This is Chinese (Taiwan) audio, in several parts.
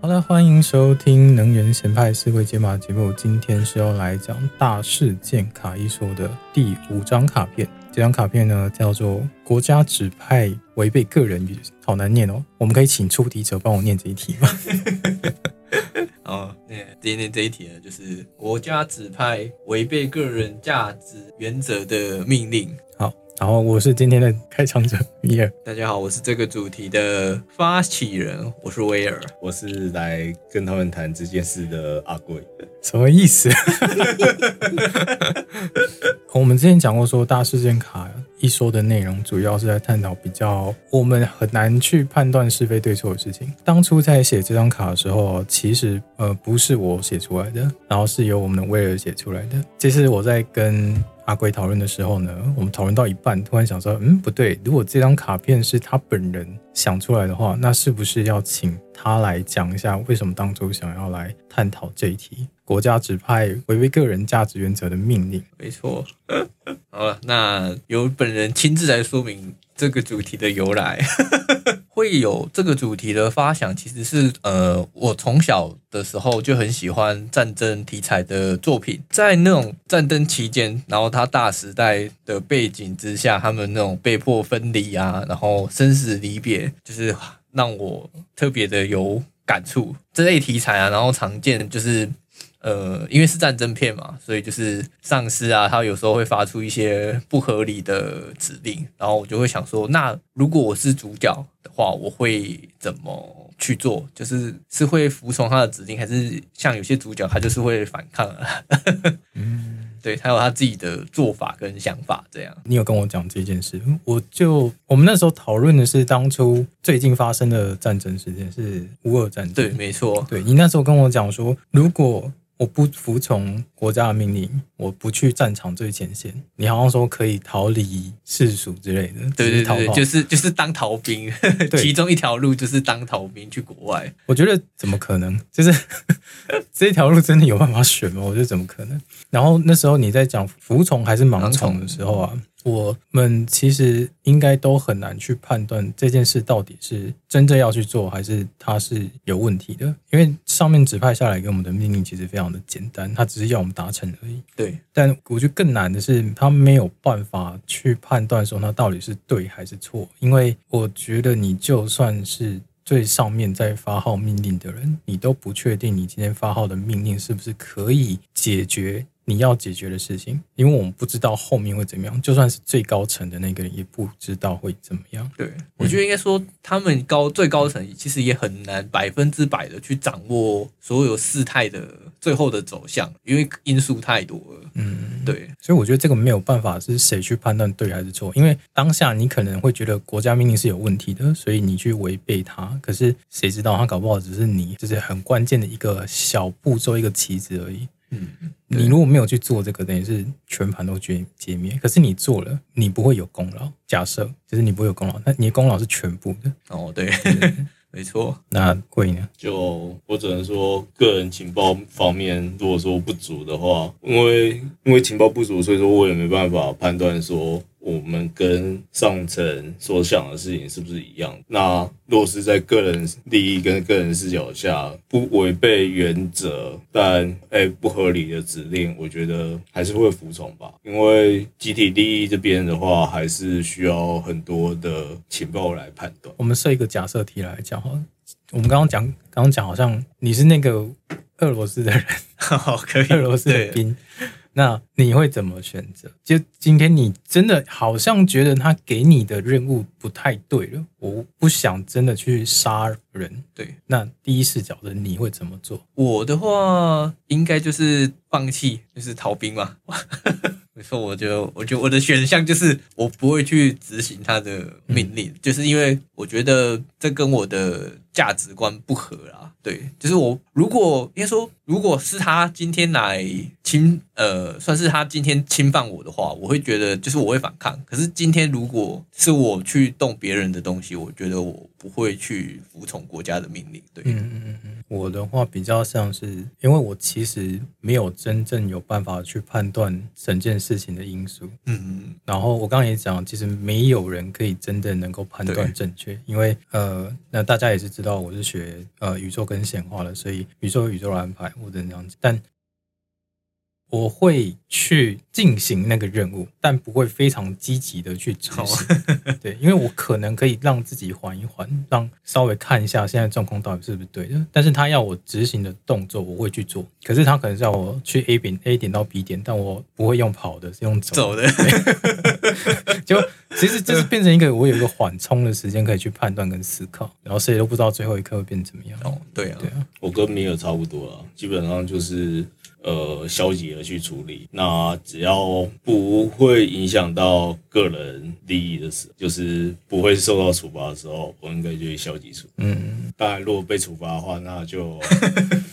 好的，歡迎收聽《能櫞鹹派思維解碼》節目。今天是要來講大事件卡一說的第五張卡片。這張卡片呢，叫做“國家指派違背個人語”，好難念哦。我們可以請出題者幫我念這一題嗎？ 好，那今天這一題呢，就是“國家指派違背個人價值原則的命令”。然後我是今天的開場者，米爾。大家好，我是這個主題的發起人，我是威而。我是來跟他們談這件事的阿貴的。什麼意思？我們之前講過，說大事件卡一說的內容，主要是在探討比較我們很難去判斷是非對錯的事情。當初在寫這張卡的時候，其實呃不是我寫出來的，然後是由我們的威而寫出來的。這是我在跟。阿貴討論的時候呢，我們討論到一半，突然想說，嗯，不對，如果這張卡片是他本人想出來的話，那是不是要請？他來講一下為什麼當初想要來探討這一題，國家指派違背個人價值原則的命令。沒錯，呵呵，好了，那由本人親自來說明這個主題的由來。 會有這個主題的發想，其實是呃，我從小的時候就很喜歡戰爭題材的作品，在那種戰爭期間，然後他大時代的背景之下，他們那種被迫分離啊，然後生死離別，就是。讓我特別的有感觸，這類題材啊，然後常見就是，呃，因為是戰爭片嘛，所以就是上司啊，他有時候會發出一些不合理的指令，然後我就會想說，那如果我是主角的話，我會怎麼去做？就是是會服從他的指令，還是像有些主角他就是會反抗，啊？嗯。 對，他有他自己的做法跟想法，這樣。你有跟我講這件事，我就我們那時候討論的是當初最近發生的戰爭事件是烏俄戰爭，對，沒錯。對，你那時候跟我講說，如果。我不服從國家的命令，我不去戰場最前線。你好像說可以逃離世俗之類的，逃跑對對對，就是就是當逃兵， 對其中一條路就是當逃兵去國外。我覺得怎麼可能？就是 這條路真的有辦法選嗎？我覺得怎麼可能？然後那時候你在講服從還是盲從的時候啊。我們其實應該都很難去判斷這件事到底是真正要去做，還是它是有問題的。因為上面指派下來給我們的命令其實非常的簡單，它只是要我們達成而已。對，但我覺得更難的是，他沒有辦法去判斷說它到底是對還是錯。因為我覺得你就算是最上面在發號命令的人，你都不確定你今天發號的命令是不是可以解決。你要解決的事情，因為我們不知道後面會怎麼樣，就算是最高層的那個人也不知道會怎麼樣。對，我覺得應該說，他們高最高層其實也很難百分之百的去掌握所有事態的最後的走向，因為因素太多了。嗯，對。所以我覺得這個沒有辦法是誰去判斷對還是錯，因為當下你可能會覺得國家命令是有問題的，所以你去違背它。可是誰知道他搞不好只是你，就是很關鍵的一個小步驟、一個棋子而已。嗯，你如果沒有去做這個，等於是全盤都揭揭滅，可是你做了，你不會有功勞。假設就是你不會有功勞，那你的功勞是全部的。哦對，對，沒錯。 那貴呢？就我只能說，個人情報方面，如果說不足的話，因為因為情報不足，所以說我也沒辦法判斷說。我們跟上層所想的事情是不是一樣？那若是在個人利益跟個人視角下，不違背原則，但誒、欸、不合理的指令，我覺得還是會服從吧。因為集體利益這邊的話，還是需要很多的情報來判斷。我們設一個假設題來講哈，我們剛剛講，剛剛講好像你是那個俄羅斯的人，好，可以，俄羅斯的兵。那你會怎麼選擇？就今天，你真的好像覺得他給你的任務不太對了。我不想真的去殺人。對，那第一視角的你會怎麼做？我的話，應該就是放棄，就是逃兵嘛。沒錯，我就，我就，我的選項就是，我不會去執行他的命令，嗯、就是因為我覺得這跟我的。價值觀不合啦，對，就是我如果應該說，如果是他今天來侵，呃，算是，他今天侵犯我的話，我會覺得就是我會反抗。可是今天如果是我去動別人的東西，我覺得我不會去服從國家的命令。對，嗯嗯嗯，我的話比較像是，因為我其實沒有真正有辦法去判斷整件事情的因素。嗯嗯，然後我剛剛也講，其實沒有人可以真正能夠判斷正確，對因為呃，那大家也是知道。到我是學呃宇宙跟顯化的，所以宇宙有宇宙的安排或者那樣子，但我會去進行那個任務，但不會非常積極的去執行好、啊、對，因為我可能可以讓自己緩一緩，讓稍微看一下現在狀況到底是不是對的，但是他要我執行的動作我會去做，可是他可能叫我去 A 點 A 點到 B 點，但我不會用跑的，是用走的，就。其實這是變成一個我有一個緩衝的時間可以去判斷跟思考，然後誰都不知道最後一刻會變成怎麼樣。哦、對啊，對啊，我跟米爾差不多啦，基本上就是呃消極而去處理。那只要不會影響到個人利益的時候，就是不會受到處罰的時候，我應該就會消極處理。嗯，當然如果被處罰的話，那就。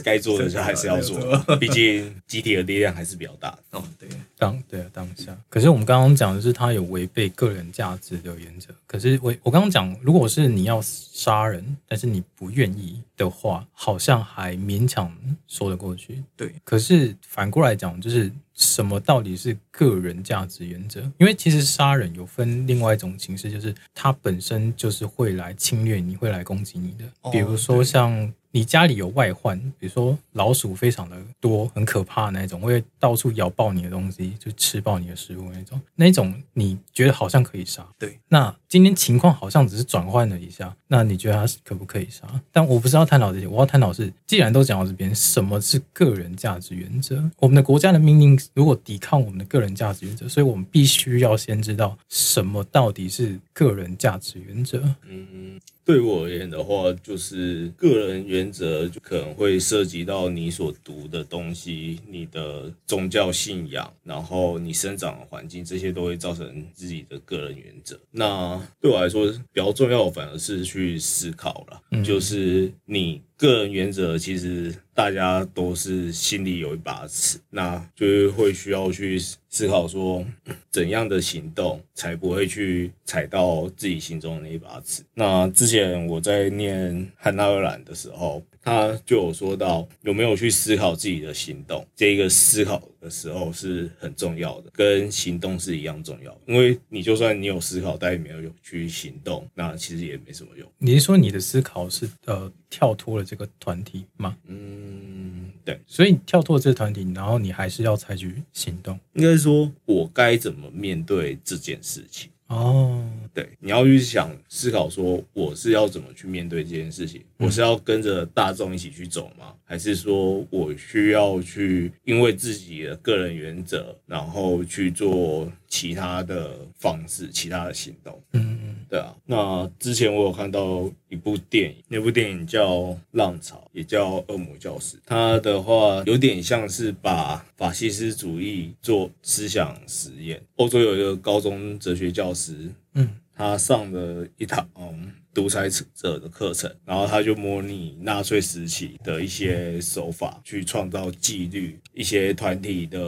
該做的就還是要做，畢竟集體的力量還是比較大。哦、嗯，對，當對、啊、當下，可是我們剛剛講的是他有違背個人價值的原則。可是我我剛剛講，如果是你要殺人，但是你不願意的話，好像還勉強說得過去。對，可是反過來講，就是什麼到底是個人價值原則？因為其實殺人有分另外一種形式，就是他本身就是會來侵略你，你會來攻擊你的，比如說像。你家裡有外患，比如說老鼠非常的多，很可怕那一種，會到處咬爆你的東西，就吃爆你的食物那一種，那一種你覺得好像可以殺？對。那今天情況好像只是轉換了一下，那你覺得它是可不可以殺？但我不是要探討這些，我要探討是，既然都講到這邊，什麼是個人價值原則？我們的國家的命令如果抵抗我們的個人價值原則，所以我們必須要先知道什麼到底是個人價值原則？嗯。對我而言的話，就是個人原則就可能會涉及到你所讀的東西、你的宗教信仰，然後你生長的環境，這些都會造成自己的個人原則。那對我來說比較重要的反而是去思考了，嗯、就是你。個人原則其實大家都是心裡有一把尺，那就是會需要去思考說怎樣的行動才不會去踩到自己心中的那一把尺。那之前我在念漢納爾蘭的時候。他就有說到有沒有去思考自己的行動，這個思考的時候是很重要的，跟行動是一樣重要的。因為你就算你有思考，但也沒有勇氣去行動，那其實也沒什麼用。你是說你的思考是呃跳脫了這個團體嗎？嗯，對，所以你跳脫了這個團體，然後你還是要採取行動。應該說，我該怎麼面對這件事情？哦，對，你要去想思考說，我是要怎麼去面對這件事情？我是要跟着大眾一起去走嗎？還是說我需要去因為自己的個人原則，然後去做。其他的方式，其他的行動，嗯，嗯，對啊。那之前我有看到一部電影，那部電影叫《浪潮》，也叫《惡魔教師》。他的話有點像是把法西斯主義做思想實驗。歐洲有一個高中哲學教師，嗯，他上了一堂。嗯獨裁者的課程，然後他就模擬納粹時期的一些手法，去創造紀律、一些團體的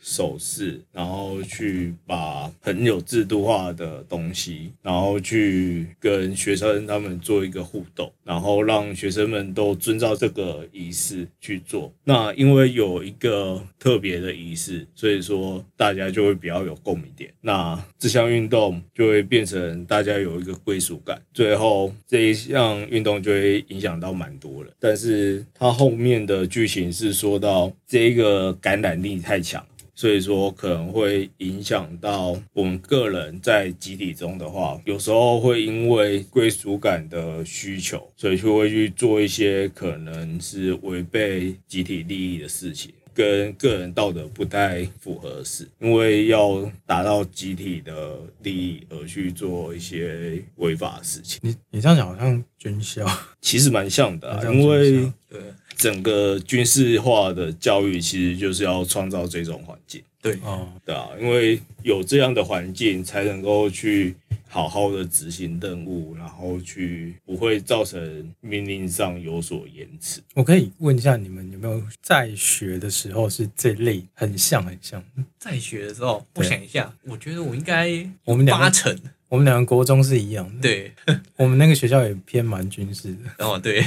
手勢，然後去把很有制度化的東西，然後去跟學生他們做一個互動，然後讓學生們都遵照這個儀式去做。那因為有一個特別的儀式，所以說大家就會比較有共鳴點。那這項運動就會變成大家有一個歸屬感，最後。哦，這一項運動就會影響到蠻多的，但是它後面的劇情是說到這一個感染力太強，所以說可能會影響到我們個人在集體中的話，有時候會因為歸屬感的需求，所以就會去做一些可能是違背集體利益的事情。跟個人道德不太符合，是因為要達到集體的利益而去做一些違法的事情。你你這樣講好像軍校，其實蠻像的啊，因為呃整個軍事化的教育其實就是要創造這種環境。對啊、哦，對啊，因為有這樣的環境，才能夠去好好的執行任務，然後去不會造成命令上有所延遲。我可以問一下，你們有沒有在學的時候是這類很像很像？在學的時候，對我想一下，我覺得我應該我們八成，我們兩個國中是一樣的。對 我們那個學校也偏蠻軍事的哦。對，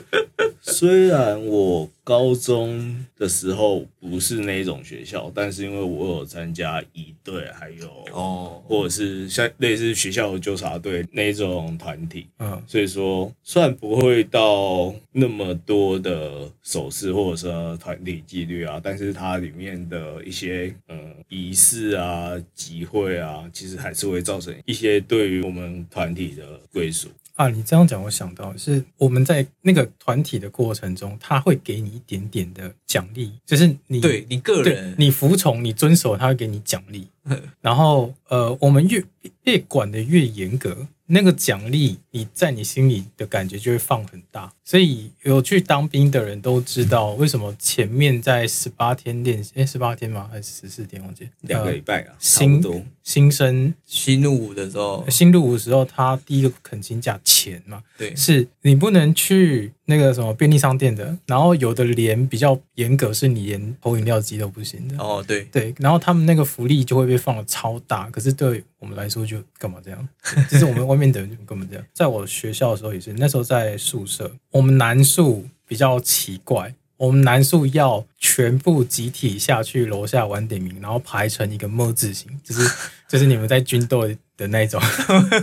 雖然我。高中的時候不是那種學校，但是因為我有參加儀隊，還有哦，或者是像類似學校的糾察隊那種團體，嗯，所以說算不會到那麼多的手勢或者是團體紀律啊，但是它裡面的一些嗯儀式啊、集會啊，其實還是會造成一些對於我們團體的歸屬。啊，你這樣講，我想到是我們在那個團體的過程中，他會給你一點點的獎勵，就是你對你個人，你服從，你遵守，他會給你獎勵。 然後，呃，我們越越管得越嚴格，那個獎勵你在你心裡的感覺就會放很大，所以有去當兵的人都知道為什麼前面在十八天練習，哎，十八天嗎？還是十四天？我記得兩個禮拜啊，差不多，呃、新新生新入伍的時候，新入伍時候，他第一個懇親假前嘛，對，是你不能去那個什麼便利商店的，然後有的連比較嚴格，是你連投飲料機都不行的。哦，對對，然後他們那個福利就會被放的超大，可是對我們來說就幹嘛這樣？其實我們外面的人就幹嘛這樣？ 在我學校的時候也是，那時候在宿舍，我們男宿比較奇怪，我們男宿要全部集體下去樓下晚點名，然後排成一個“木”字形，就是就是你們在軍隊的那種。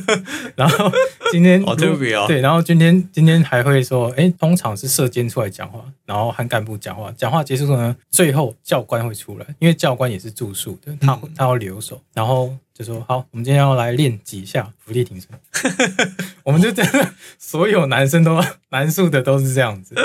然後今天好特別哦、喔，對，然後今天今天還會說，哎、欸，通常是舍監出來講話，然後和幹部講話，講話結束的時候呢，最後教官會出來，因為教官也是住宿的，他他要留守，嗯、然後。就說好，我們今天要來練幾下伏地挺身。 我們就這樣，所有男生都男宿的都是這樣子。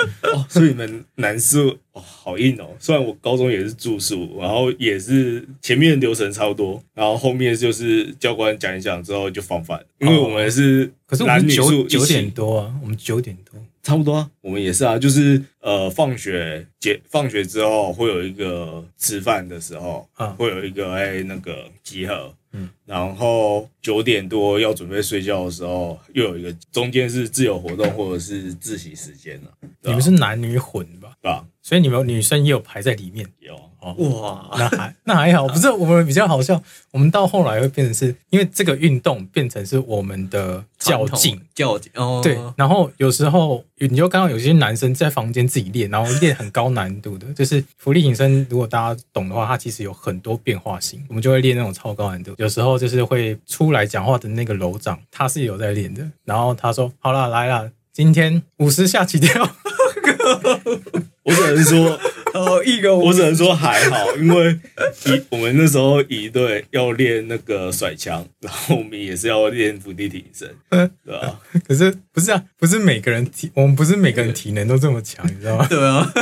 所以你們男宿、哦、好硬哦。雖然我高中也是住宿，然後也是前面流程差不多，然後後面就是教官講一講之後就放飯。因為我們是、哦、可是我們是九點多啊，我們九點多差不多啊，我們也是啊，就是呃，放學結放學之後會有一個吃飯的時候，啊、哦，會有一個哎那個集合。嗯，然後九點多要準備睡覺的時候，又有一個中間是自由活動或者是自習時間了。你們是男女混？啊，吧所以你們女生也有排在裡面，有、嗯、哦，哇，那還那還好，啊、不是我們比較好笑，我們到後來會變成是因為這個運動變成是我們的較勁，較勁，哦，對，然後有時候你就看到有些男生在房間自己練，然後練很高難度的， 就是伏地挺身，如果大家懂的話，它其實有很多變化性，我們就會練那種超高難度，有時候就是會出來講話的那個樓長，他是有在練的，然後他說：“好了，來了，今天五十下起跳。 ”我只能說，呃，一個我只能說還好，因為一我們那時候儀隊要練那個甩槍，然後我們也是要練伏地挺身，對吧？啊？可是不是啊，不是每個人體，我們不是每個人體能都這麼強，你知道嗎？對啊，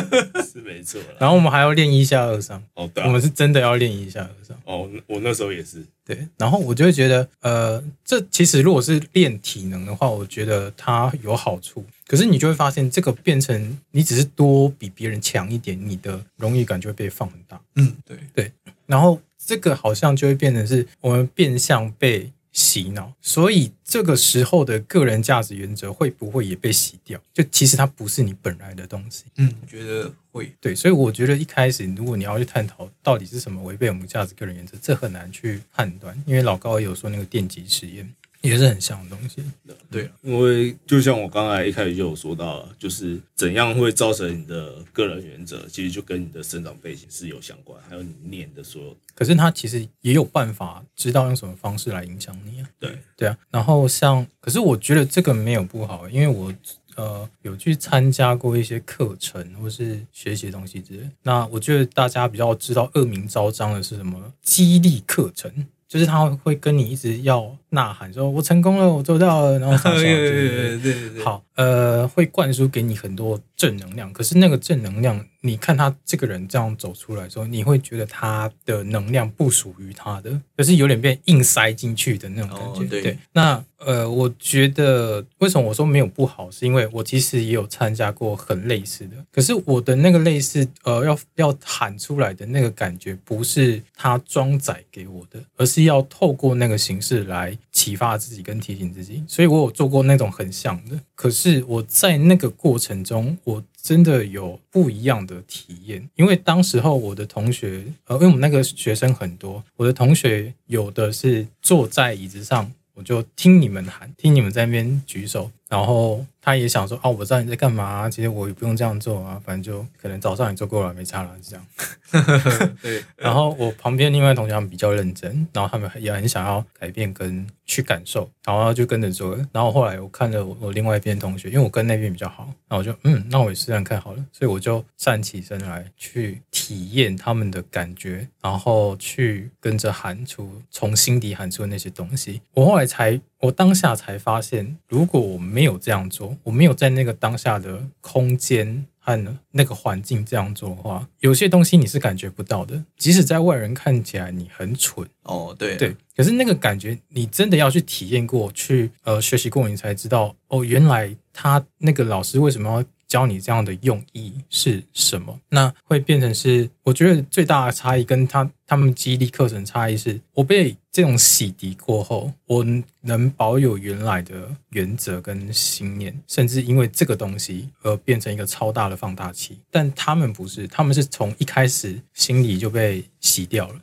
是沒錯。然後我們還要練一下二上哦，對，我們是真的要練一下二上哦。我那時候也是對，然後我就會覺得，呃，這其實如果是練體能的話，我覺得它有好處。可是你就會發現，這個變成你只是多比別人強一點，你的榮譽感就會被放很大。嗯，對對。然後這個好像就會變成是我們變相被洗腦，所以這個時候的個人價值原則會不會也被洗掉？就其實它不是你本來的東西。嗯，我覺得會。對，所以我覺得一開始如果你要去探討到底是什麼違背我們價值個人原則，這很難去判斷，因為老高也有說那個電極實驗。也是很像的東西，對，對，因為就像我剛才一開始就有說到了，就是怎樣會造成你的個人原則，其實就跟你的生長背景是有相關，還有你念的所有的。可是他其實也有辦法知道用什麼方式來影響你啊。對，對啊。然後像，可是我覺得這個沒有不好，欸，因為我呃有去參加過一些課程或是學習的東西之類。那我覺得大家比較知道惡名昭彰的是什麼激勵課程。就是他會跟你一直要吶喊，說“我成功了，我做到了”，然後對對對，對好。呃，會灌輸給你很多正能量，可是那個正能量，你看他這個人這樣走出來的時候，你會覺得他的能量不屬於他的，可是有點被硬塞進去的那種感覺。哦、對，對，那呃，我覺得為什麼我說沒有不好，是因為我其實也有參加過很類似的，可是我的那個類似，呃，要要喊出來的那個感覺，不是他裝載給我的，而是要透過那個形式來啟發自己跟提醒自己，所以我有做過那種很像的，可是。是我在那個過程中，我真的有不一樣的體驗，因為當時候我的同學，呃，因為我們那個學生很多，我的同學有的是坐在椅子上，我就聽你們喊，聽你們在那邊舉手。然後他也想說：“哦、啊，我知道你在幹嘛、啊，其實我也不用這樣做啊，反正就可能早上也做夠了，沒差了，這樣。 ”對。然後我旁邊另外一位同學他們比較認真，然後他們也很想要改變跟去感受，然後就跟着做了。然後後來我看着我我另外一邊同學，因為我跟那邊比較好，然後我就嗯，那我也試試看好了，所以我就站起身來去體驗他們的感覺，然後去跟着喊出從心底喊出的那些東西。我後來才。我當下才發現，如果我沒有這樣做，我沒有在那個當下的空間和那個環境這樣做的話，有些東西你是感覺不到的。即使在外人看起來你很蠢，哦，對對，可是那個感覺，你真的要去體驗過去，呃，學習過你才知道，哦，原來他那個老師為什麼要？教你這樣的用意是什麼？那會變成是，我覺得最大的差異跟他他們激勵課程差異是，我被這種洗滌過後，我能保有原來的原則跟信念，甚至因為這個東西而變成一個超大的放大器。但他們不是，他們是從一開始心裡就被洗掉了。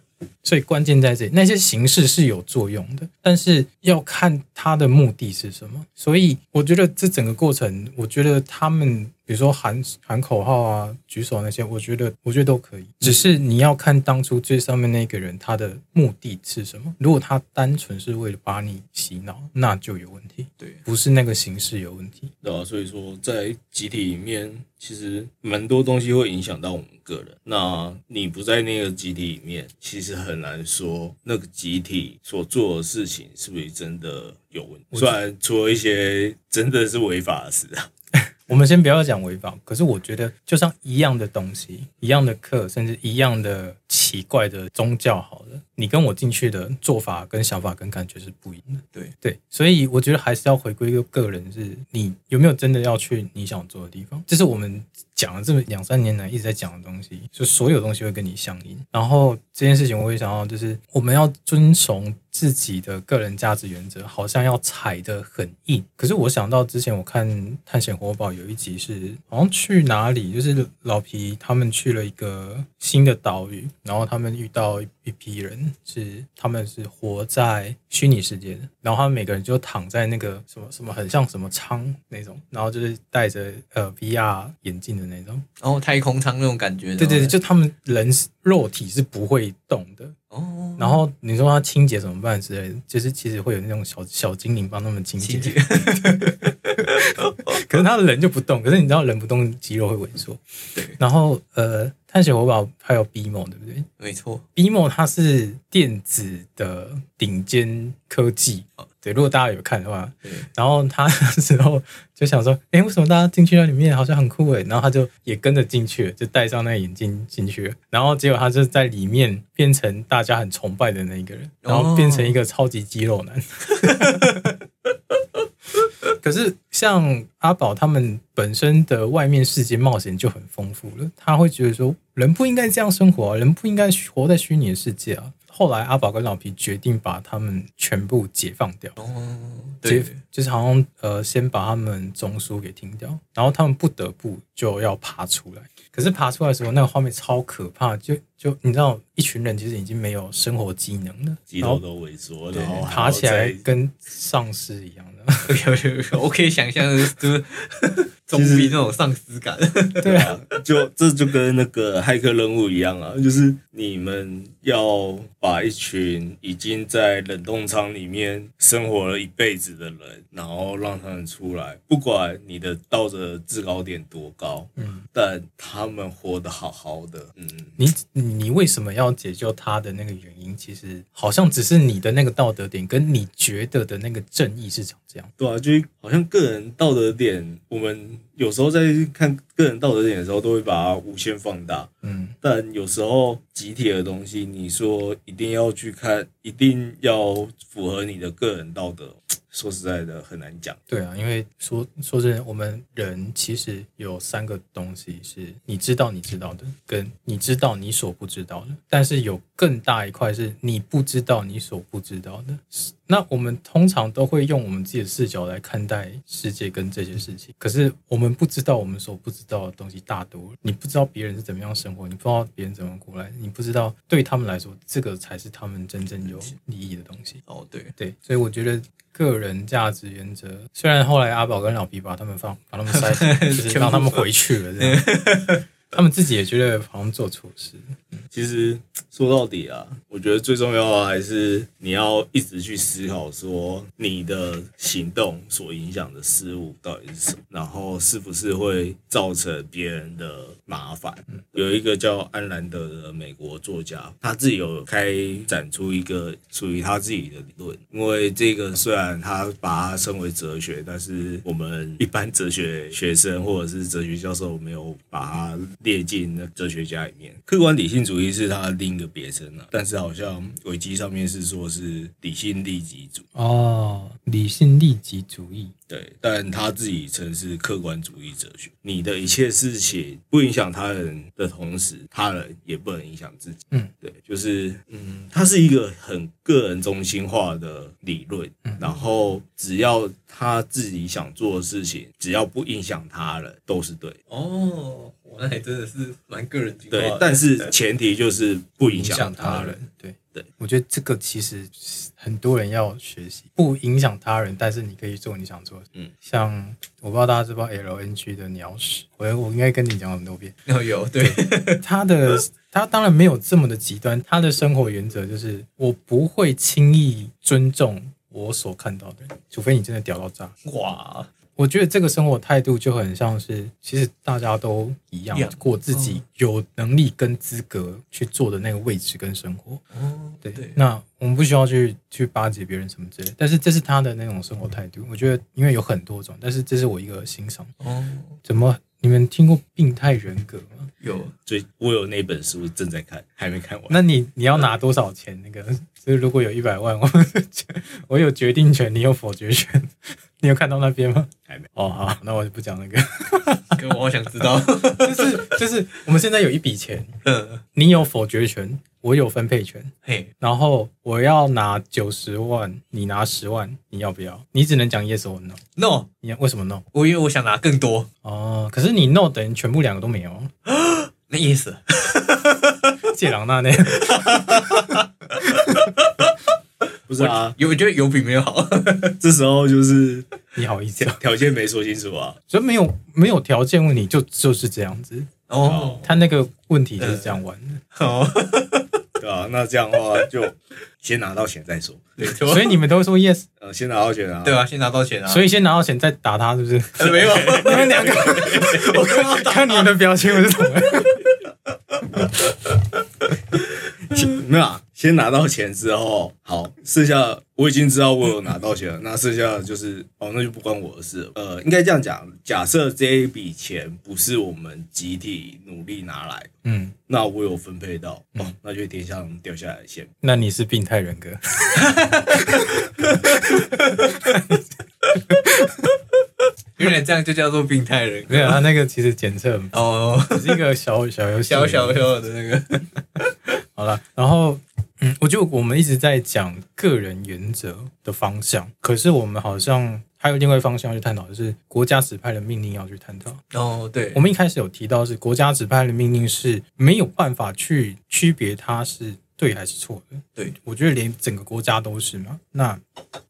所以關鍵在這裡，那些形式是有作用的，但是要看他的目的是什麼。所以我覺得這整個過程，我覺得他們。比如說喊喊口號啊、舉手那些，我覺得我覺得都可以。只是你要看當初最上面那個人他的目的是什麼。如果他單純是為了把你洗腦，那就有問題。對，不是那個形式有問題。對啊，所以說在集體裡面，其實蠻多東西會影響到我們個人。那你不在那個集體裡面，其實很難說那個集體所做的事情是不是真的有問題。雖然做了一些真的是違法的事啊。我們先不要講違法，可是我覺得，就像一樣的東西、一樣的課，甚至一樣的。奇怪的宗教，好了，你跟我進去的做法、跟想法、跟感覺是不一樣的，對對，所以我覺得還是要回歸一個個人，是你有沒有真的要去你想做的地方？這是我們講了這麼兩三年來一直在講的東西，就所有東西會跟你相應。然後這件事情，我會想到，就是我們要遵從自己的個人價值原則，好像要踩得很硬。可是我想到之前我看《探險活寶》有一集是好像去哪裡，就是老皮他們去了一個新的島嶼。然後他們遇到一,一批人，是他們是活在虛擬世界的，然後他們每個人就躺在那個什麼什麼，什麼很像什麼艙那種，然後就是戴着呃 VR 眼鏡的那種，然後、哦、太空艙那種感覺。對對對，對就他們人肉體是不會動的。然後你說它，清潔怎麼辦之類的，就是其實會有那種小小精靈幫他們清潔。可是他的人就不動，可是你知道人不動肌肉會萎縮。對然後呃，探險活寶還有 BMO 對不對？沒錯，BMO 它是電子的頂尖科技。哦對，如果大家有看的話，對然後他那時候就想說：“哎，為什麼大家進去那裡面好像很酷耶？”然後他就也跟着進去了，就戴上那個眼鏡進去了，然後結果他就在裡面變成大家很崇拜的那一個人，然後變成一個超級肌肉男。可是像阿寶他們本身的外面世界冒險就很豐富了，他會覺得說：“人不應該這樣生活啊，人不應該活在虛擬的世界啊。”後來，阿寶跟老皮決定把他們全部解放掉。哦，對，就是好像呃，先把他們中樞給停掉，然後他們不得不就要爬出來。可是爬出來的時候，那個畫面超可怕，就。就你知道，一群人其實已經沒有生活技能了，肌肉都萎縮了，爬起來跟喪屍一樣的。我可以想象，就是總比那種喪屍感。對啊，就這就跟那個駭客任務一樣啊，就是你們要把一群已經在冷凍艙裡面生活了一輩子的人，然後讓他們出來，不管你的道德制高點多高，嗯，但他們活得好好的，嗯，你你。你為什麼要解救他的那個原因，其實好像只是你的那個道德點，跟你覺得的那個正義是長這樣。對啊，就是好像個人道德點，我們有時候在看個人道德點的時候，都會把它無限放大。嗯，但有時候集體的東西，你說一定要去看，一定要符合你的個人道德。說實在的，很難講。對啊，因為說說真的，我們人其實有三個東西，是你知道你知道的，跟你知道你所不知道的，但是有更大一塊是你不知道你所不知道的。那我們通常都會用我們自己的視角來看待世界跟這些事情，嗯、可是我們不知道我們所不知道的東西大多。你不知道別人是怎麼樣生活，你不知道別人怎麼過來，你不知道對他們來說，這個才是他們真正有利益的東西。哦，對對，所以我覺得個人價值原則，雖然後來阿寶跟老皮把他們放，把他們塞，就是讓 分他們回去了對 他們自己也覺得好像做錯事。嗯，其實說到底啊，我覺得最重要的還是你要一直去思考，說你的行動所影響的事物到底是什麼，然後是不是會造成別人的麻煩。有一個叫安蘭德的美國作家，他自己有開展出一個屬於他自己的理論。因為這個雖然他把它稱為哲學，但是我們一般哲學學生或者是哲學教授沒有把它。列進那哲學家裡面，客觀理性主義是他另一個別稱了。但是好像維基上面是說，是理性利己主義哦，理性利己主義對，但他自己稱是客觀主義哲學。你的一切事情不影響他人的同時，他人也不能影響自己。嗯，對，就是嗯，他是一個很個人中心化的理論。嗯、哼然後只要他自己想做的事情，只要不影響他人，都是對的哦。我那還真的是蠻個人的。對，但是前提就是不影響他，他人。對對，對對，我覺得這個其實是很多人要學習，不影響他人，但是你可以做你想做的。嗯，像我不知道大家知不知道 LNG 的鳥屎，我，我應該跟你講很多遍。有、哦、有，對他的 他當然沒有這麼的極端，他的生活原則就是我不會輕易尊重我所看到的人，除非你真的屌到炸。哇！我覺得這個生活態度就很像是，其實大家都一樣，過自己有能力跟資格去做的那個位置跟生活。對、哦。對，那我們不需要去去巴結別人什麼之類的。但是這是他的那種生活態度。嗯、我覺得，因為有很多種，但是這是我一個欣賞。哦，怎麼你們聽過病態人格嗎？有，所以我有那本書正在看，還沒看完。那你你要拿多少錢？那個，嗯、所以如果有一百萬，我 我有決定權，你有否決權。你有看到那邊嗎？還沒哦，好，好，那我就不講那個。我好想知道，就是就是，就是、我們現在有一筆錢，嗯、你有否決權，我有分配權，嘿，然後我要拿九十萬，你拿十萬，你要不要？你只能講 yes or no？no，no，你要為什麼 no？我因為我想拿更多哦。可是你 no 等於全部兩個都沒有，沒意思。借狼那那。不是啊，有覺得有比沒有好。這時候就是你好意思啊，條件沒說清楚啊，所以沒有沒有條件問題就就是這樣子。哦，他那個問題就是這樣玩的。哦，對啊，那這樣的話就先拿到錢再說。所以你們都會說 yes，呃，先拿到錢啊，對啊？先拿到錢啊，所以先拿到錢再打他，是不是？沒有，你們兩個，我看你們的表情，我就懂了。先拿到錢之後，好，剩下我已經知道我有拿到錢了，嗯、那剩下就是哦，那就不關我的事了。呃，應該這樣講，假設這一筆錢不是我們集體努力拿來，嗯，那我有分配到，嗯、哦，那就天上掉下來的錢。那你是病態人格，因為這樣就叫做病態人格。 沒有、啊，他那個其實檢測哦，oh. 是一個小小遊戲，小，小小小的那個。 好了，然後。嗯，我就我們一直在講個人原則的方向，可是我們好像還有另外一方向要去探討，就是國家指派的命令要去探討。哦，對，我們一開始有提到是國家指派的命令是沒有辦法去區別它是。對還是錯的？對，我覺得連整個國家都是嘛。那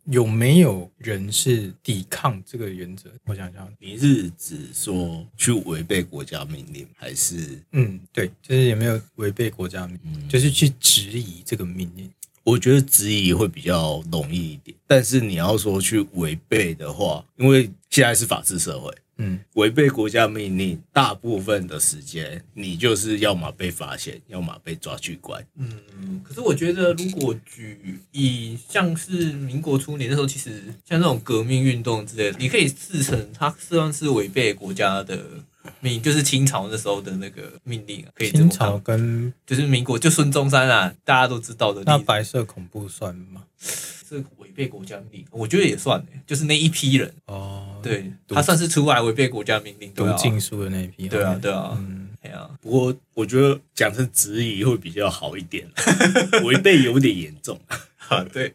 有沒有人是抵抗這個原則？我想想，你是指說去違背國家命令，還是？嗯，對，就是有沒有違背國家命令？嗯，就是去質疑這個命令。我覺得質疑會比較容易一點，但是你要說去違背的話，因為現在是法治社會。嗯，違背國家命令，大部分的時間你就是要麼被發現，要麼被抓去關。嗯，可是我覺得，如果舉以像是民國初年的時候，其實像這種革命運動之類的，你可以自成，它雖然是違背國家的命，就是清朝那時候的那個命令可以，清朝跟就是民國，就孫中山啊，大家都知道的。那白色恐怖算嗎？是違背國家命令，我覺得也算就是那一批人哦，對，他算是出來違背國家命令，讀禁書的那一批，對啊，對啊，嗯，不過我覺得講成質疑會比較好一點，違背有點嚴重啊，對，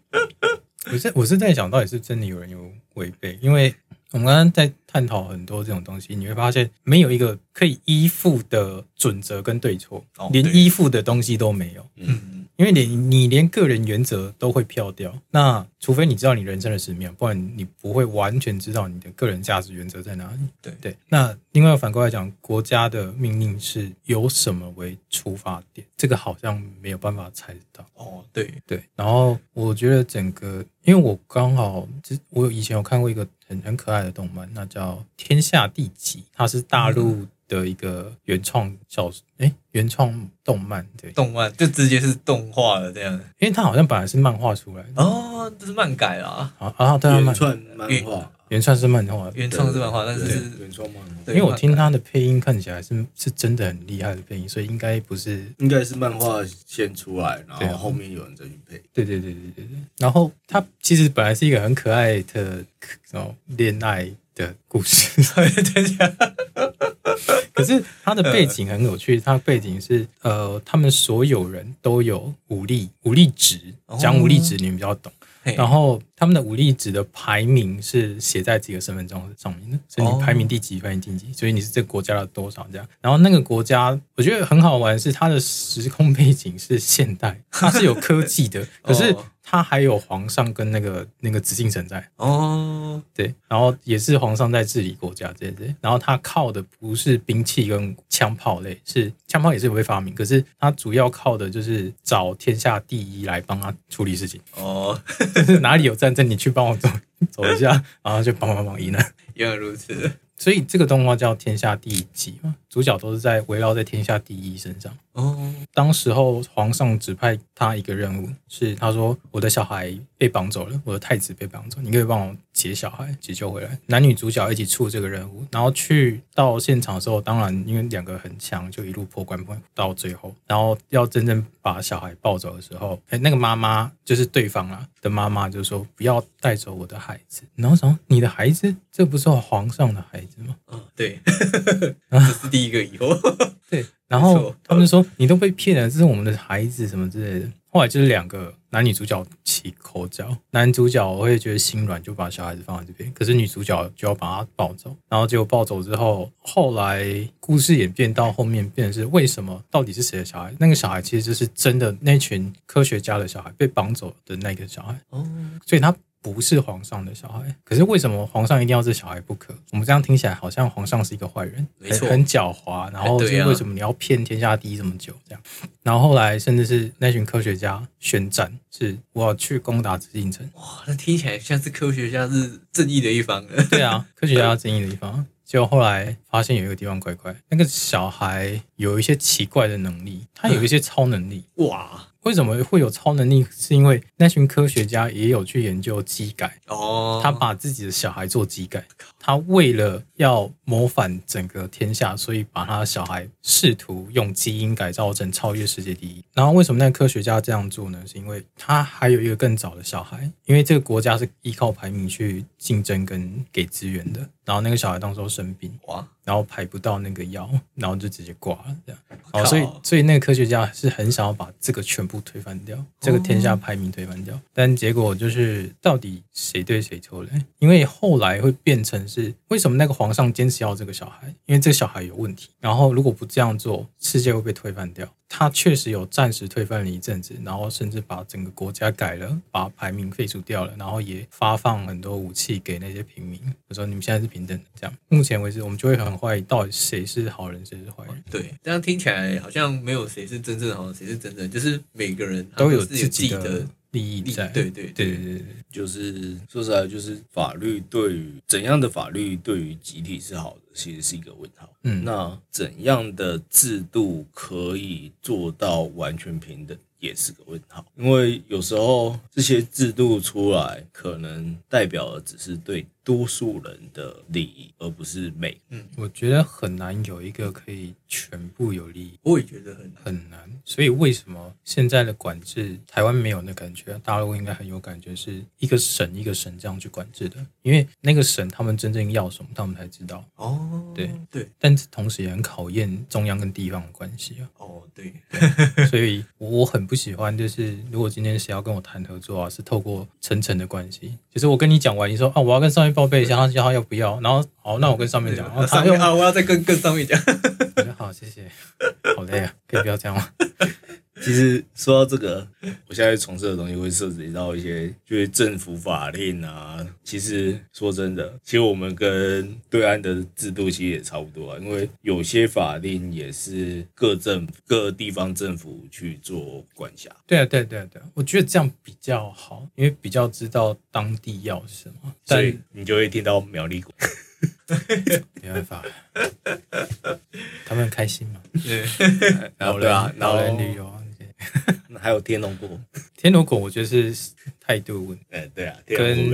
是，我是在想到底是真的有人有違背，因為我們剛剛在探討很多這種東西，你會發現沒有一個可以依附的準則跟對錯，連依附的東西都沒有，嗯。因為你連你連個人原則都會飄掉，那除非你知道你人生的使命，不然你不會完全知道你的個人價值原則在哪裡。對對，那另外反過來講，國家的命令是由什麼為出發點？這個好像沒有辦法猜到。哦，對對，然後我覺得整個，因為我剛好，我有以前有看過一個很很可愛的動漫，那叫《天下第幾》，它是大陸、嗯。的一個原創小說哎，原創動漫對，動漫就直接是動畫了這樣，因為它好像本來是漫畫出來的哦，這是漫改啦。啊啊，啊對啊，原創漫畫畫，原創是漫畫，原創對對是漫畫，但是對對原創漫畫，因為我聽他的配音看起來是是真的很厲害的配音，所以應該不是應該是漫畫先出來，然後後面有人再去配，對、啊、對對對對對，然後它其實本來是一個很可愛的哦戀愛。的故事，所以這樣。可是他的背景很有趣，他的背景是呃，他們所有人都有武力，武力值，講武力值你們比較懂。哦、然後他們的武力值的排名是寫在幾個身份證上面的，嘿所以你排名第幾，排名第幾，哦、所以你是這國家的多少這樣。然後那個國家我覺得很好玩的是它的時空背景是現代，它是有科技的， 哦、可是。他還有皇上跟那個那個紫禁城在哦，oh. 對，然後也是皇上在治理國家這些，然後他靠的不是兵器跟槍炮類，是槍炮也是不會發明，可是他主要靠的就是找天下第一來幫他處理事情哦，oh. 就是哪裡有戰爭你去幫我走，走一下，然後就幫幫幫贏了，原來如此，所以這個動畫叫天下第一集嘛。主角都是在圍繞在天下第一身上。哦，當時候皇上指派他一個任務，是他說我的小孩被綁走了，我的太子被綁走，你可以幫我解小孩解救回來。男女主角一起出這個任務，然後去到現場的時候，當然因為兩個很強，就一路破關破到最後，然後要真正把小孩抱走的時候，哎，那個媽媽就是對方啦的媽媽，就說不要帶走我的孩子。然後想你的孩子，這不是我皇上的孩子嗎？嗯，對，啊。一個以後，對，然後他們說你都被騙了，這是我們的孩子什麼之類的。後來就是兩個男女主角起口角，男主角我會覺得心軟，就把小孩子放在這邊，可是女主角就要把他抱走，然後就抱走之後，後來故事演變到後面，變成是為什麼？到底是誰的小孩？那個小孩其實就是真的那群科學家的小孩被綁走的那個小孩，哦，所以他。不是皇上的小孩，可是為什麼皇上一定要是小孩不可？我們這樣聽起來好像皇上是一個壞人，沒錯錯、欸，很狡猾。然後就是為什麼你要騙天下第一這麼久？這樣，欸啊、然後後來甚至是那群科學家宣戰，是我去攻打紫禁城。哇，那聽起來像是科學家是正義的一方。 對啊，科學家正義的一方。結果後來發現有一個地方怪怪，那個小孩有一些奇怪的能力，他有一些超能力。嗯、哇！為什麼會有超能力？是因為那群科學家也有去研究基改哦，oh。他把自己的小孩做基改。他為了要模仿整個天下，所以把他的小孩試圖用基因改造成超越世界第一。然後為什麼那個科學家這樣做呢？是因為他還有一個更早的小孩，因為這個國家是依靠排名去競爭跟給資源的。然後那個小孩當時候生病，哇，然後排不到那個藥，然後就直接掛了。這樣，好，所以所以那個科學家是很想要把這個全部推翻掉，這個天下排名推翻掉。哦，但結果就是到底誰對誰錯嘞？因為後來會變成。是為什麼那個皇上堅持要這個小孩？因為這個小孩有問題。然後如果不這樣做，世界會被推翻掉。他確實有暫時推翻了一陣子，然後甚至把整個國家改了，把排名廢除掉了，然後也發放很多武器給那些平民。我說你們現在是平等的，這樣。目前為止，我們就會很懷疑到底誰是好人，誰是壞人。對，這樣聽起來好像沒有誰是真正的好人，誰是真正，就是每個人都有自己的。利益。在對對對對對，就是說實在，就是法律對於，怎樣的法律對於集體是好的，其實是一個問號。嗯，那怎樣的制度可以做到完全平等，也是個問號。因為有時候這些制度出來，可能代表的只是對。多數人的利益，而不是美。嗯，我覺得很難有一個可以全部有利益。我也覺得很難很難。所以為什麼現在的管制，台灣沒有那感覺啊，大陸應該很有感覺，是一個省一個省這樣去管制的。因為那個省他們真正要什麼，他們才知道。哦，對對，對但是同時也很考驗中央跟地方的關係啊。哦，對。對 所以我，我我很不喜歡，就是如果今天誰要跟我談合作啊，是透過層層的關係。就是我跟你講完，你說啊，我要跟上面。報備一下，然後他就要不要，然後好，那我跟上面講，好我要再跟跟上面講。 好，謝謝，好累啊，可以不要這樣嗎？ 其實說到這個，我現在從事的東西會涉及到一些，就是政府法令啊。其實說真的，其實我們跟對岸的制度其實也差不多啊，因為有些法令也是各政、各地方政府去做管轄。對啊，對啊對啊對啊，對啊，我覺得這樣比較好，因為比較知道當地要什麼。所以你就會聽到苗栗國，對。沒辦法啊，他們開心嘛。對。然後對啊，老人旅遊啊。 那還有天龍國，天龍國我覺得是態度問題， 欸，對啊，跟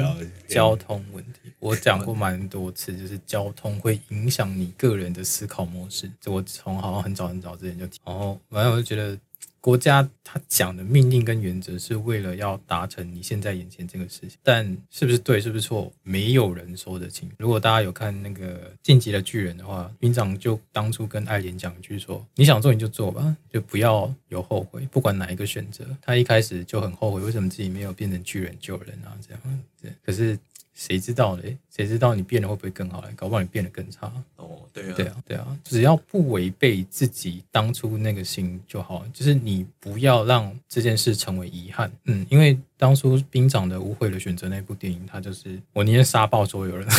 交通問題，我講過蠻多次，就是交通會影響你個人的思考模式。這我從好像很早很早之前就，然後反正我就覺得。國家他講的命令跟原則是為了要達成你現在眼前這個事情，但是不是對，是不是錯，沒有人說得清。如果大家有看那個《進擊的巨人》的話，兵長就當初跟艾蓮講一句說，就說你想做你就做吧，就不要有後悔，不管哪一個選擇。他一開始就很後悔，為什麼自己沒有變成巨人救人啊？這樣，可是。誰知道嘞？誰知道你變得會不會更好嘞？搞不好你變得更差哦。對啊，對啊，對啊，只要不違背自己當初那個心就好了。就是你不要讓這件事成為遺憾。嗯，因為當初兵長的無悔的選擇那部電影，他就是我寧願殺爆所有人。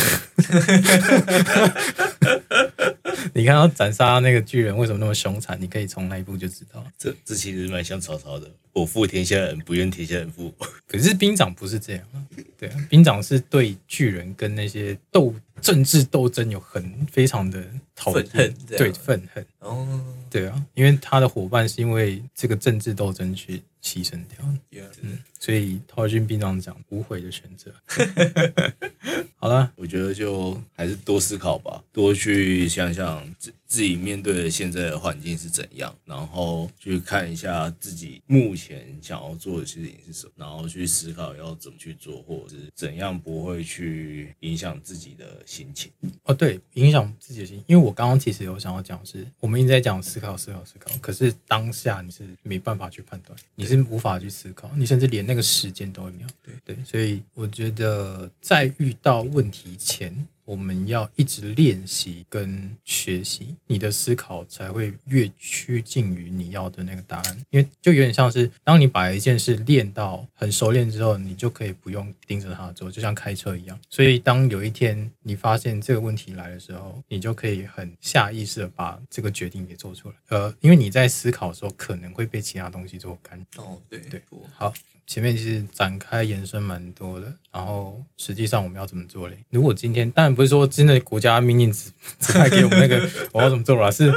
你看到斬殺那個巨人為什麼那麼兇殘？你可以從那一步就知道。這這其實蠻像曹操的，我負天下人，不願天下人負我。可是兵長不是這樣，啊，對，啊， 兵長是對巨人跟那些斗。政治鬥爭有很非常的仇恨，恨，對，憤恨。哦，對啊，因為他的夥伴是因為這個政治鬥爭去犧牲掉、嗯 yeah, 嗯、所以陶俊平常講無悔的選擇。 好了啦，我覺得就還是多思考吧，多去想想這。自己面對的現在的環境是怎樣，然後去看一下自己目前想要做的事情是什麼，然後去思考要怎麼去做，或者是怎樣不會去影響自己的心情。哦，對，影響自己的心情。因為我剛剛其實有想要講是，是我們一直在講思考、思考、思考，可是當下你是沒辦法去判斷，對你是無法去思考，你甚至連那個時間都沒有。對對，所以我覺得在遇到問題前。我們要一直練習跟學習，你的思考才會越趨近於你要的那個答案。因為就有點像是，當你把一件事練到很熟練之後，你就可以不用盯着它做，就像開車一樣。所以，當有一天你發現這個問題來的時候，你就可以很下意識的把這個決定給做出來。呃，因為你在思考的時候，可能會被其他東西所干擾。哦，對對，了好。前面其實展開延伸蠻多的，然後實際上我們要怎麼做嘞？如果今天，當然不是說真的國家命令指派給我們那個 我要怎麼做了，是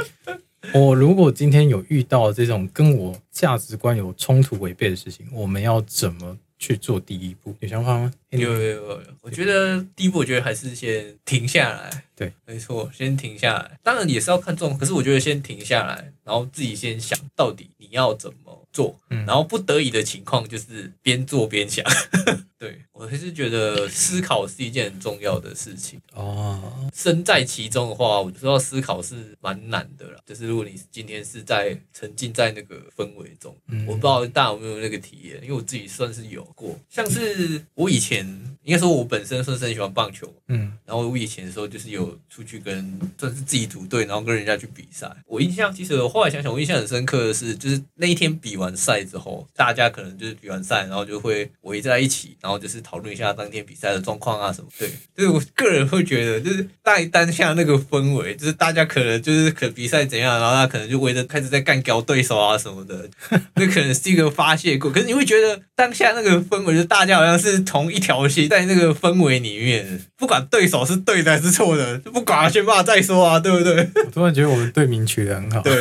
我如果今天有遇到這種跟我價值觀有衝突違背的事情，我們要怎麼去做第一步？有想法嗎？有有有，有有有，我覺得第一步，我覺得還是先停下來。對，沒錯，先停下來。當然也是要看重，可是我覺得先停下來，然後自己先想到底你要怎麼做，然後不得已的情況就是邊做邊想，嗯、對。我還是覺得思考是一件很重要的事情哦。身在其中的話，我就知道思考是蠻難的啦。就是如果你今天是在沉浸在那個氛圍中，我不知道大家有沒有那個體驗，因為我自己算是有過。像是我以前應該說，我本身算是很喜歡棒球，嗯，然後我以前的時候就是有出去跟算是自己組隊，然後跟人家去比賽。我印象其實我後來想想，我印象很深刻的是，就是那一天比完賽之後，大家可能就是比完賽，然後就會圍在一起，然後就是。討論一下當天比賽的狀況啊，什麼？對，就是我個人會覺得，就是在當下那個氛圍，就是大家可能就是可比賽怎樣，然後他可能就圍着開始在幹搞對手啊什麼的，那可能是一個發泄過。可是你會覺得當下那個氛圍，就大家好像是同一條心，在那個氛圍裡面，不管對手是對的還是錯的，就不管了，先罵再說啊，對不對？我突然覺得我們隊名取得很好，對，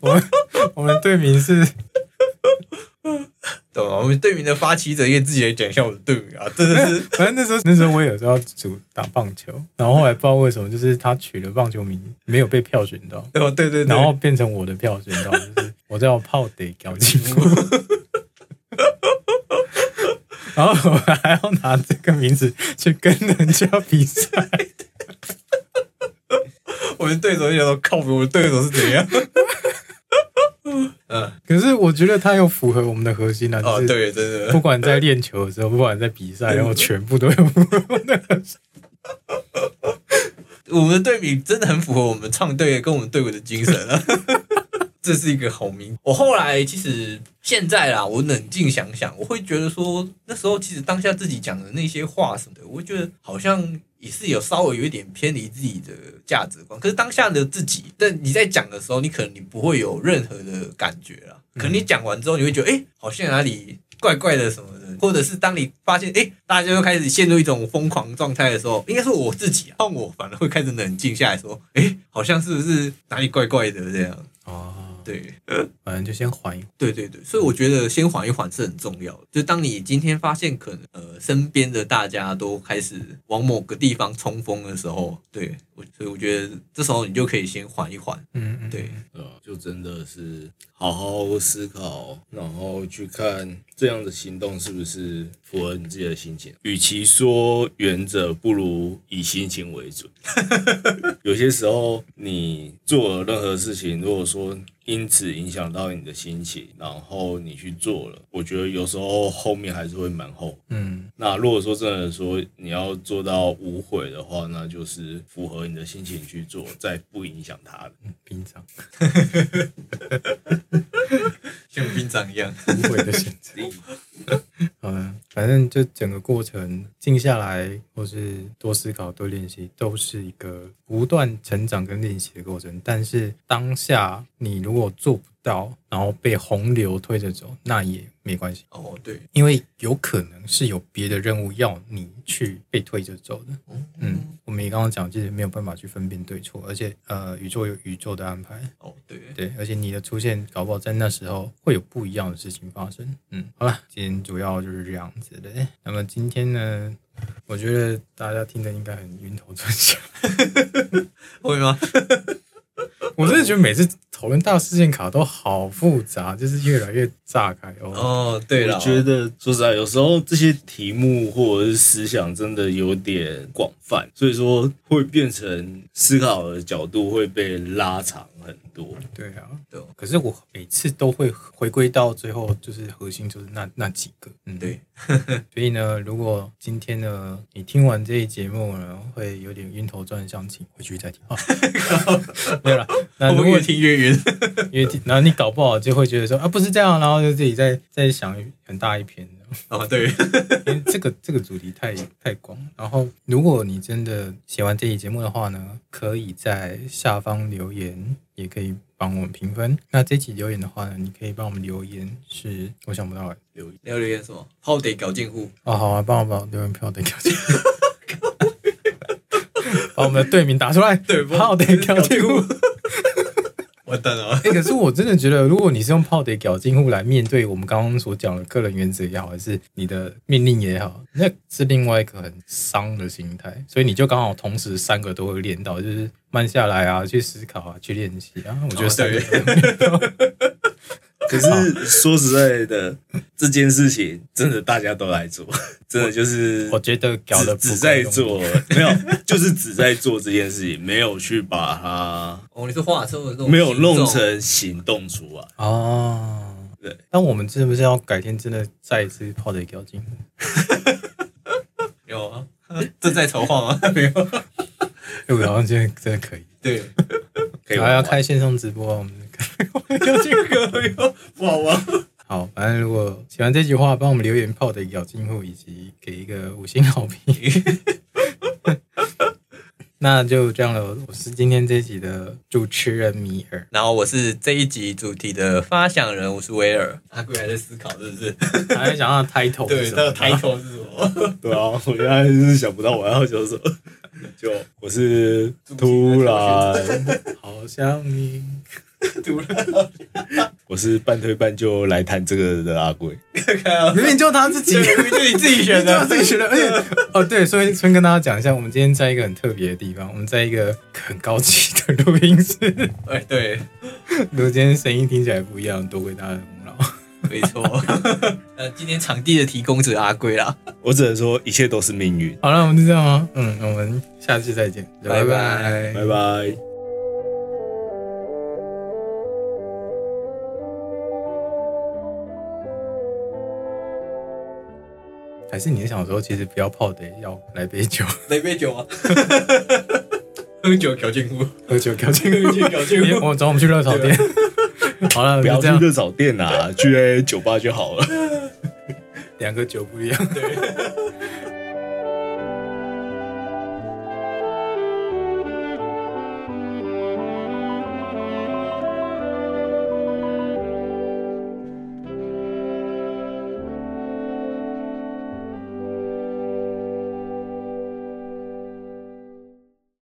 我 我們隊名是。啊、我們隊名的發起者也自己來講一下我的隊名啊！真的是，反正那時候那時候我有時候主打棒球，然後後來不知道為什麼，就是他取了棒球名，沒有被票選到。對、哦、對對對，然後變成我的票選到，就是、我叫泡隊搞進步。 然後我還要拿這個名字去跟人家比賽。我的對手有時候靠譜，我的對手是怎樣？ 嗯，可是我覺得他又符合我們的核心啊，啊、就是哦，對，真的，不管在練球的時候，不管在比賽， 然後全部都有符合。 我們的對比真的很符合我們唱隊跟我們隊伍的精神、啊， 這是一個好名。我後來其實現在啦，我冷靜想想，我會覺得說那時候其實當下自己講的那些話什麼的，我會覺得好像。你是有稍微有一點偏離自己的價值觀，可是當下的自己，但你在講的時候，你可能你不會有任何的感覺啊。可能你講完之後，你會覺得誒、欸，好像哪裡怪怪的什麼的，或者是當你發現誒、欸，大家又開始陷入一種瘋狂狀態的時候，應該是我自己碰我，反而會開始冷靜下來說，說、欸、誒，好像是不是哪裡怪怪的這樣哦。對，呃，反正就先緩一緩，對對對，所以我覺得先緩一緩是很重要的。就當你今天發現可能，呃，身邊的大家都開始往某個地方衝鋒的時候，對我，所以我覺得這時候你就可以先緩一緩，嗯，嗯，嗯，對，呃，就真的是好好思考，然後去看這樣的行動是不是符合你自己的心情。與其說原則，不如以心情為準。 有些時候你做了任何事情，如果說因此影響到你的心情，然後你去做了，我覺得有時候後面還是會蠻後悔。嗯，那如果說真的說你要做到無悔的話，那就是符合你的心情去做， 再不影響他了。兵長 像兵長一樣無悔的選擇。 嗯，反正這整個過程，靜下來或是多思考、多練習，都是一個不斷成長跟練習的過程。但是當下你如果做不到，然後被洪流推着走，那也沒關係。哦，對，因為有可能是有別的任務要你去被推着走的。哦，嗯，嗯，我們也剛剛講，就是沒有辦法去分辨對錯，而且呃，宇宙有宇宙的安排。哦，對對，而且你的出現，搞不好在那時候會有不一樣的事情發生。嗯，好了，今天主要就是。是這樣子的，那麼今天呢，我覺得大家聽的應該很暈頭轉向， 會嗎？ 我真的覺得每次討論大事件卡都好複雜，就是越來越炸開哦。哦對了，我覺得說實在，有時候這些題目或者是思想真的有點廣泛，所以說會變成思考的角度會被拉長。很多對啊，對，可是我每次都會回歸到最後，就是核心就是那那幾個，對嗯對，所以呢，如果今天呢你聽完這一節目呢，會有點暈頭轉向，請回去再聽。 啊、對了， 那如果我聽越暈，越聽然後你搞不好就會覺得說啊不是這樣，然後就自己在在想。很大一篇的哦、啊，對，因為這個這個主題太太廣。然後，如果你真的喜歡這期節目的話呢，可以在下方留言，也可以幫我們評分。那這期留言的話呢，你可以幫我們留言，是我想不到、啊、留言，你要留言什麼？浩得搞進戶啊、哦！好啊，幫我把我留言票得搞進戶， 把我們的隊名打出來，對，泡得搞進戶。 我等了、欸。可是我真的覺得，如果你是用泡的腳金戶來面對我們剛剛所講的個人原則也好，還是你的命令也好，那是另外一個很傷的心態。所以你就剛好同時三個都會練到，就是慢下來啊，去思考啊，去練習啊。我覺得三個。哦 可是說實在的， 這件事情真的大家都來做，我 真的就是我覺得搞得只在做， 沒有就是只在做這件事情，沒有去把它哦，你是畫出沒有弄成行動出來啊哦。對，但我們是不是要改天真的再一次泡水搞金？有啊，正在籌劃啊，沒有。有？我覺得真的可以，對，可以玩玩啊、還要開線上直播、啊。我們 我 Side sposób 我有這個不好玩。 好，反正如果喜歡這句話，幫我們留言泡的咬金戶，以及給一個五星好評。那就這樣了。我是今天這一集的主持人米爾，3 Uno s 然後我是這一集主題的發想人，我是威而。阿貴還在思考是不是？ 他還在想要的 title，對，他的 title 是什麼？ 對啊，我原來是想不到我要說什麼， 就我是突然 campaign, 好想你。讀毒了， 我是半推半就來談這個的阿貴。看啊，明明就他自己， 明明就你自己選的， 明明自己選的。哦，對，所以先跟大家講一下，我們今天在一個很特別的地方，我們在一個很高級的錄音室。哎，對，如果今天聲音聽起來不一樣，多虧大家功勞。 沒錯，呃，今天場地的提供者阿貴啦，我只能說一切都是命運。好了，我們就這樣啊，嗯，我們下次再見，拜拜 bye，拜拜。還是你小時候其實不要泡的，要來杯酒。來杯酒啊！ 喝酒搞金屋，喝酒搞金屋，去搞金屋。我裝，找我們去熱炒店。好了，好啦不要這樣去熱炒店啊， 去酒吧就好了。兩個酒不一樣。對。